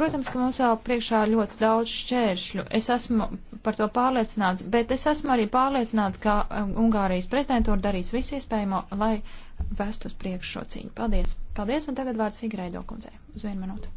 Protams, ka mums vēl priekšā ir ļoti daudz šķēršļu. Es esmu par to pārliecināts, bet es esmu arī pārliecināts, ka um, Ungārijas prezidentūra darīs visu iespējamo, lai vestu uz priekšu šo cīņu. Paldies! Paldies, un tagad vārds Figreido kundzei. Uz vienu minūti.